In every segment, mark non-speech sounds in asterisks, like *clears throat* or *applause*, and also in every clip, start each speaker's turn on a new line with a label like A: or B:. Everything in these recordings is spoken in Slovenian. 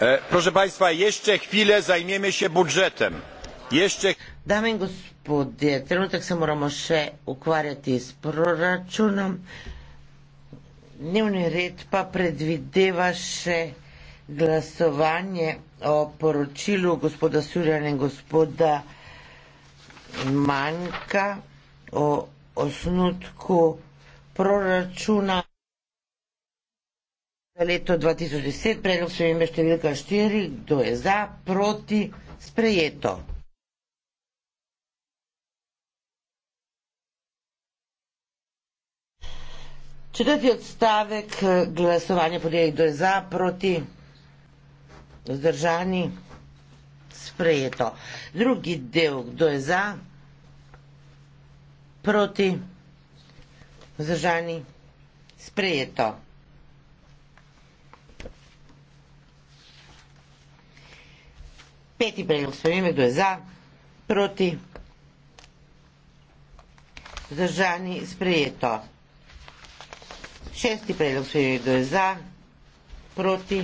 A: E, proszę państwa jeszcze chwilę zajmiemy się budżetem jeszcze
B: Dame i gospodje, trenutek se moramo še ukvarjati s proračunom. Dnevni red pa predvideva še glasovanje o poročilu gospoda Surjana in gospoda Manjka o osnutku proračuna leto 2010, predlog se ime številka 4, kdo je za, proti, sprejeto. Četrti odstavek eh, glasovanja podeli, kdo je za, proti, zdržani, sprejeto. Drugi del, kdo je za, proti, zdržani, sprejeto. Peti predlog spremembe, kdo je za, proti, zdržani, sprejeto. Šesti predlog spremembe, kdo je za, proti.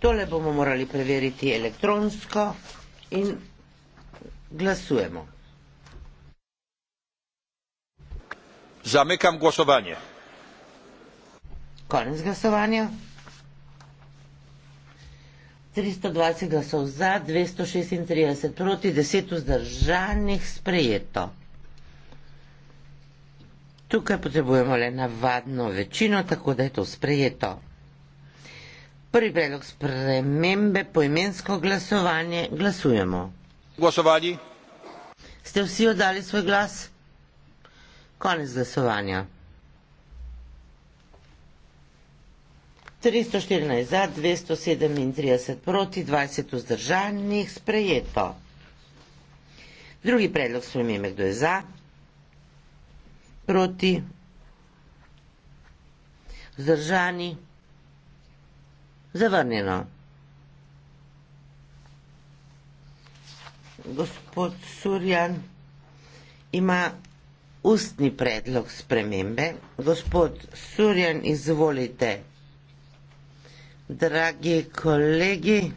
B: Tole bomo morali preveriti elektronsko in glasujemo. Zamekam glasovanje. Konec glasovanja. 320 glasov za, 236 proti, 10 vzdržanih sprejeto. Tukaj potrebujemo le navadno večino, tako da je to sprejeto. Prvi predlog spremembe poimensko glasovanje glasujemo. Glasovali. Ste vsi oddali svoj glas? Konec glasovanja. trinajst za dvesto sedemintrideset proti dvajset vzdržanih sprejeto drugi predlog spremembe kdo je za proti vzdržani zavrnjeno gospod Surjan ima ustni predlog spremembe gospod Surjan izvolite dragi kolegi.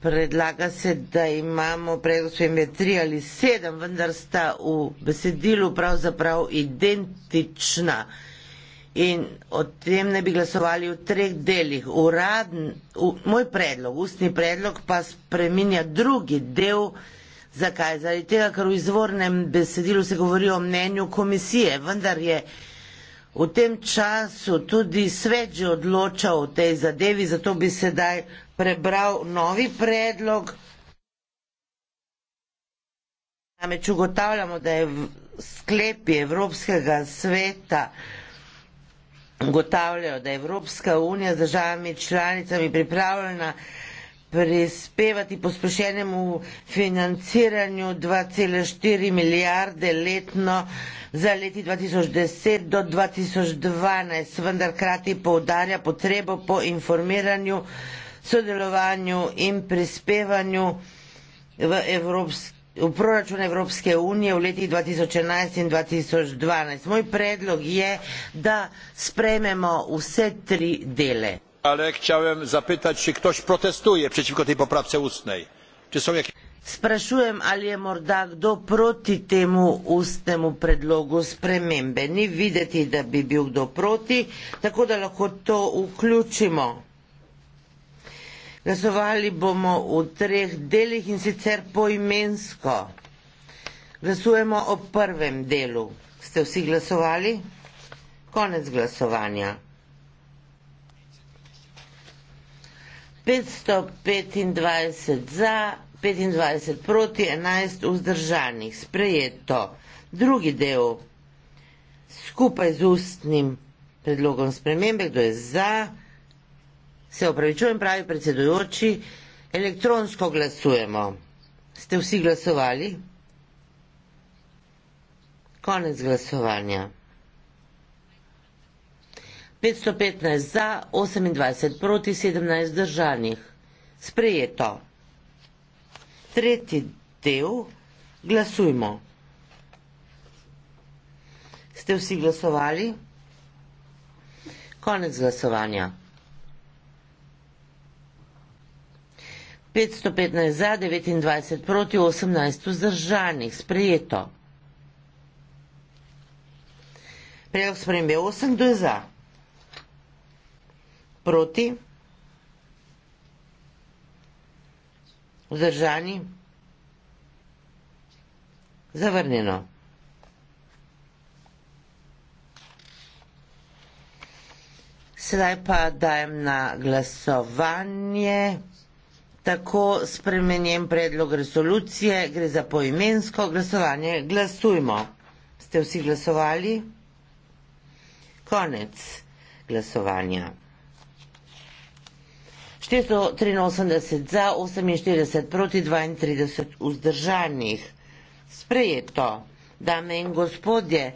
B: Predlaga se, da imamo pregospeme tri ali sedem, vendar sta v besedilu pravzaprav identična. In o tem ne bi glasovali v treh delih. Uradn, u, moj predlog, ustni predlog pa spreminja drugi del. Zakaj? Zaradi tega, ker v izvornem besedilu se govori o mnenju komisije, vendar je v tem času tudi svet že odločal o tej zadevi, zato bi sedaj prebral novi predlog. Namreč ugotavljamo, da je sklepi Evropskega sveta ugotavljajo, da je Evropska unija z državami članicami pripravljena prispevati pospešenemu financiranju 2,4 milijarde letno za leti 2010 do 2012, vendar krati poudarja potrebo po informiranju, sodelovanju in prispevanju v, Evropski, v proračun Evropske unije v letih 2011 in 2012. Moj predlog je, da sprememo vse tri dele
A: ale chciałem zapytać czy ktoś protestuje przeciwko tej poprawce ustnej czy są jakieś
B: Sprašujem, ali je morda kdo proti temu ustnemu predlogu spremembe. Ni videti, da bi bil kdo proti, tako da lahko to vključimo. Glasovali bomo v treh delih in sicer poimensko. Glasujemo o prvem delu. Ste vsi glasovali? Konec glasovanja. 525 za, 25 proti, 11 vzdržanih. Sprejeto. Drugi del skupaj z ustnim predlogom spremembe, kdo je za, se opravičujem, pravi predsedujoči, elektronsko glasujemo. Ste vsi glasovali? Konec glasovanja. 515 za, 28 proti, 17 zdržanih. Sprejeto. Tretji del. Glasujmo. Ste vsi glasovali? Konec glasovanja. 515 za, 29 proti, 18 vzdržanih. Sprejeto. Prejav spremembe 8, kdo je za? Proti? Vzdržani? Zavrnjeno. Sedaj pa dajem na glasovanje tako spremenjen predlog resolucije, gre za poimensko glasovanje. Glasujmo. Ste vsi glasovali? Konec glasovanja. 483 za, 48 proti, 32 vzdržanih. Sprejeto, dame in gospodje,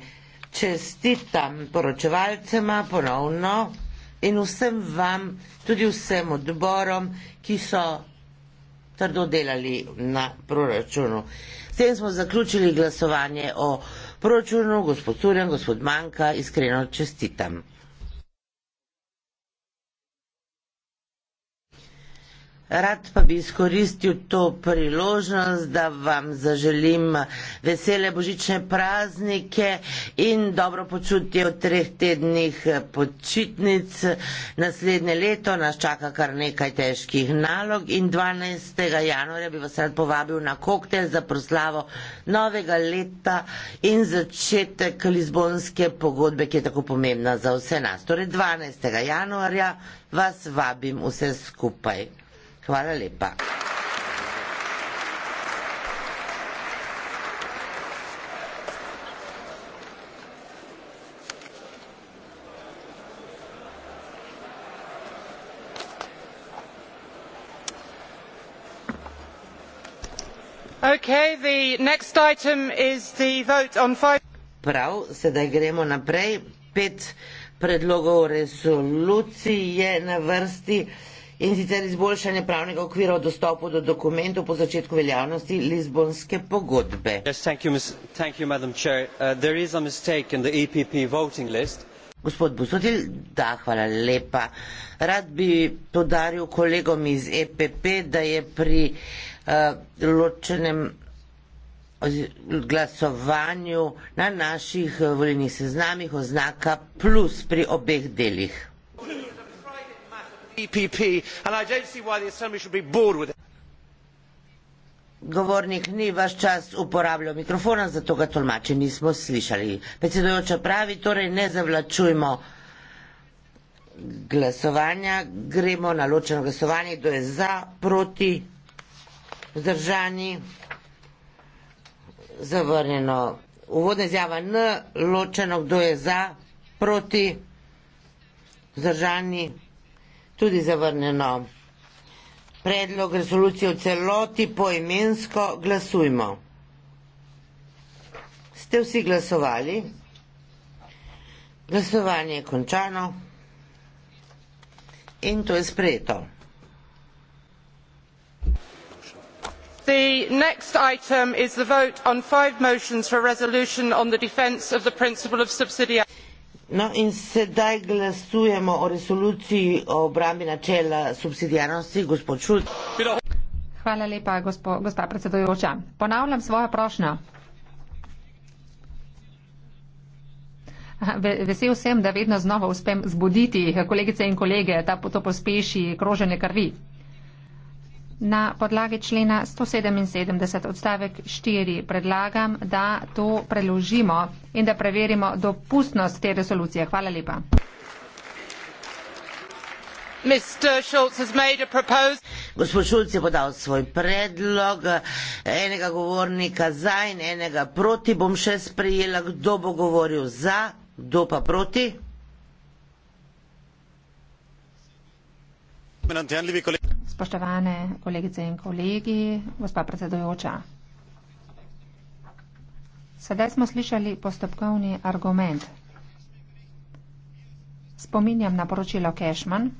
B: čestitam poročevalcema ponovno in vsem vam, tudi vsem odborom, ki so trdo delali na proračunu. S tem smo zaključili glasovanje o proračunu, gospod Turjan, gospod Manka, iskreno čestitam. Rad pa bi izkoristil to priložnost, da vam zaželim vesele božične praznike in dobro počutje v treh tednih počitnic. Naslednje leto nas čaka kar nekaj težkih nalog in 12. januarja bi vas rad povabil na koktejl za proslavo novega leta in začetek Lizbonske pogodbe, ki je tako pomembna za vse nas. Torej 12. januarja vas vabim vse skupaj. Hvala lepa. Okay, the next item is the vote on five... Prav, sedaj gremo naprej. Pet predlogov resolucij je na vrsti. Uh, in sicer izboljšanje pravnega okvira o dostopu do dokumentov po začetku veljavnosti Lizbonske pogodbe. Uh, e Gospod Busotil, da, hvala lepa. Rad bi podaril kolegom iz EPP, da je pri uh, ločenem glasovanju na naših uh, volilnih seznamih oznaka plus pri obeh delih epp and i don't see why the assembly should be bored with it. Govornik ni vaš čas uporabljal mikrofona, zato ga tolmači nismo slišali. Predsedujoča pravi, torej ne zavlačujmo glasovanja, gremo na ločeno glasovanje, kdo je za, proti, vzdržani, zavrnjeno. Uvodna izjava N, ločeno, kdo je za, proti, vzdržani tudi zavrnjeno. Predlog resolucije v celoti poimensko glasujmo. Ste vsi glasovali? Glasovanje je končano in to je sprejeto. The next item is the vote on five motions for resolution on the defence of the principle of subsidiarity. No in sedaj glasujemo o resoluciji o obrambi načela subsidijarnosti, gospod Šult.
A: Hvala lepa, gospo, gospa predsedojoča. Ponavljam svojo prošnjo. Vesel sem, da vedno znova uspem zbuditi kolegice in kolege, da to pospeši kroženje krvi na podlagi člena 177 odstavek 4 predlagam, da to preložimo in da preverimo dopustnost te resolucije. Hvala lepa.
B: Gospod Šulc je podal svoj predlog, enega govornika za in enega proti. Bom še sprejela, kdo bo govoril za, kdo pa proti. Gospod Šulc je podal svoj predlog, enega
A: govornika za in enega proti. Spoštovane kolegice in kolegi, gospa predsedujoča. Sedaj smo slišali postopkovni argument. Spominjam na poročilo Kešman.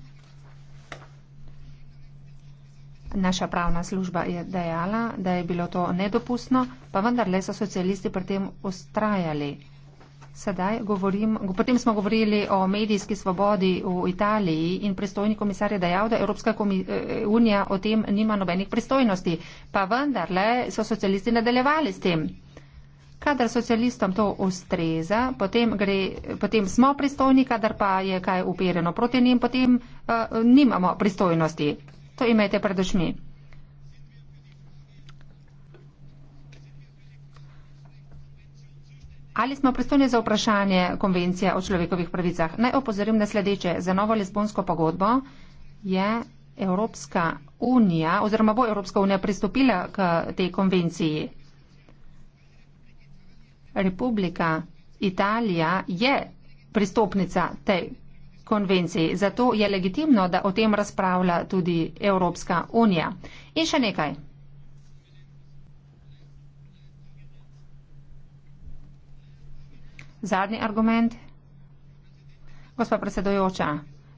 A: Naša pravna služba je dejala, da je bilo to nedopustno, pa vendarle so socialisti pri tem ustrajali. Sedaj govorim, potem smo govorili o medijski svobodi v Italiji in predstojnik komisar je dejal, da Evropska e, e, unija o tem nima nobenih pristojnosti, pa vendarle so socialisti nadaljevali s tem. Kadar socialistom to ustreza, potem, gre, potem smo pristojni, kadar pa je kaj upereno proti njim, potem uh, nimamo pristojnosti. To imajte pred očmi. Ali smo pristojni za vprašanje konvencije o človekovih pravicah? Naj opozorim na sledeče. Za novo lizbonsko pogodbo je Evropska unija oziroma bo Evropska unija pristopila k tej konvenciji. Republika Italija je pristopnica tej konvenciji, zato je legitimno, da o tem razpravlja tudi Evropska unija. In še nekaj. Zadnji argument. Gospa predsedojoča,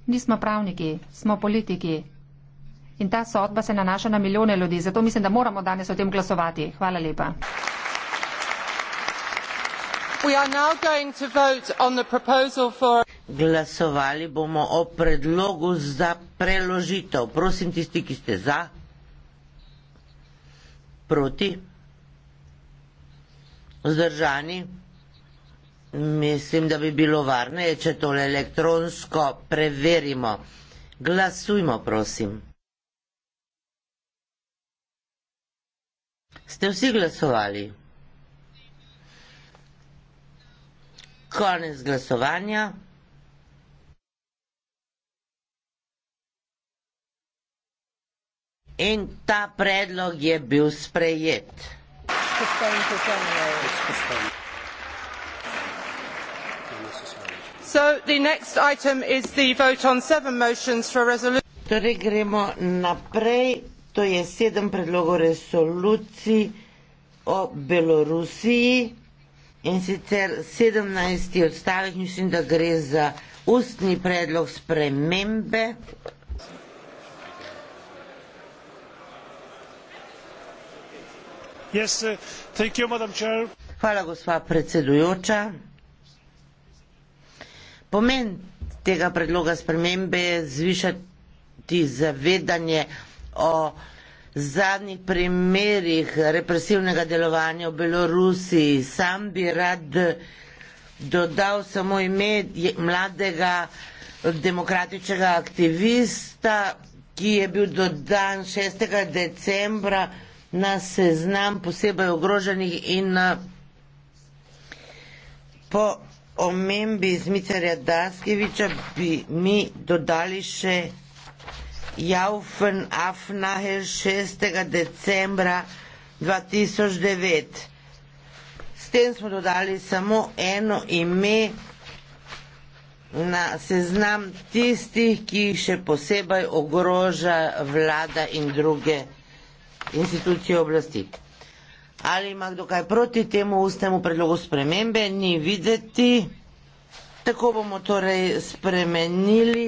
A: nismo pravniki, smo politiki. In ta sodba se nanaša na milijone ljudi, zato mislim, da moramo danes o tem glasovati. Hvala lepa.
B: For... Glasovali bomo o predlogu za preložitev. Prosim tisti, ki ste za. Proti. Zdržani. Mislim, da bi bilo varneje, če tole elektronsko preverimo. Glasujmo, prosim. Ste vsi glasovali? Konec glasovanja. In ta predlog je bil sprejet. Postavim, postavim, postavim so the next item is the vote on seven motions for resolution. Torej gremo naprej, to je sedem predlogov resolucij o Belorusiji in sicer sedemnajsti odstavek, mislim, da gre za ustni predlog spremembe. Yes, thank you, Hvala, gospa predsedujoča. Pomen tega predloga spremembe je zvišati zavedanje o zadnjih primerih represivnega delovanja v Belorusiji. Sam bi rad dodal samo ime mladega demokratičnega aktivista, ki je bil dodan 6. decembra na seznam posebej ogroženih in eh, po omembi Zmicarja Daskeviča bi mi dodali še Jaufen Afnahel 6. decembra 2009. S tem smo dodali samo eno ime na seznam tistih, ki jih še posebej ogroža vlada in druge institucije oblasti. Ali ima kdo kaj proti temu ustnemu predlogu spremembe? Ni videti. Tako bomo torej spremenili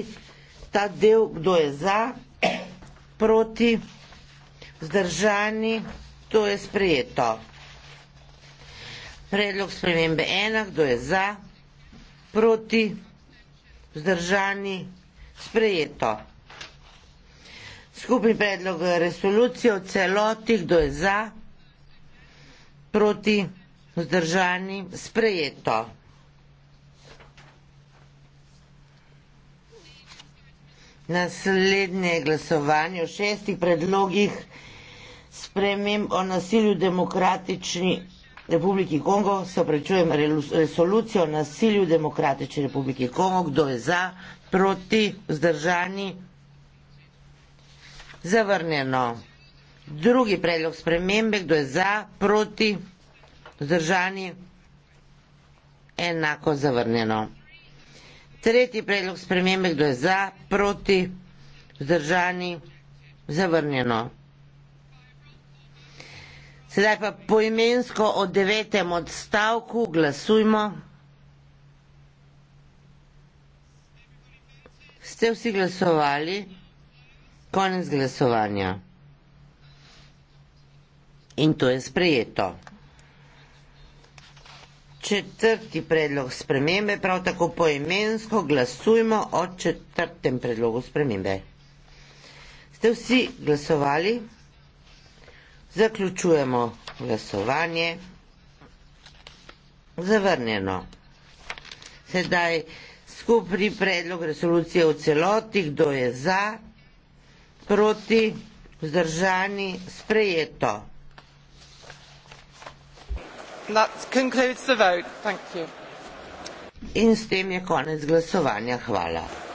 B: ta del, kdo je za, *clears throat* proti, vzdržani. To je sprejeto. Predlog spremembe ena, kdo je za, proti, vzdržani, sprejeto. Skupni predlog resolucije o celoti, kdo je za, proti, vzdržani proti vzdržanim sprejeto. Naslednje glasovanje o šestih predlogih sprememb o nasilju demokratični Republiki Kongo, se prečujem resolucijo o nasilju demokratični Republiki Kongo, kdo je za, proti, vzdržani, zavrnjeno. Drugi predlog spremembe, kdo je za, proti, vzdržani, enako zavrnjeno. Tretji predlog spremembe, kdo je za, proti, vzdržani, zavrnjeno. Sedaj pa poimensko o devetem odstavku glasujmo. Ste vsi glasovali? Konec glasovanja in to je sprejeto. Četrti predlog spremembe, prav tako poimensko glasujmo o četrtem predlogu spremembe. Ste vsi glasovali? Zaključujemo glasovanje. Zavrnjeno. Sedaj skupni predlog resolucije v celoti, kdo je za, proti, vzdržani, sprejeto in s tem je konec glasovanja hvala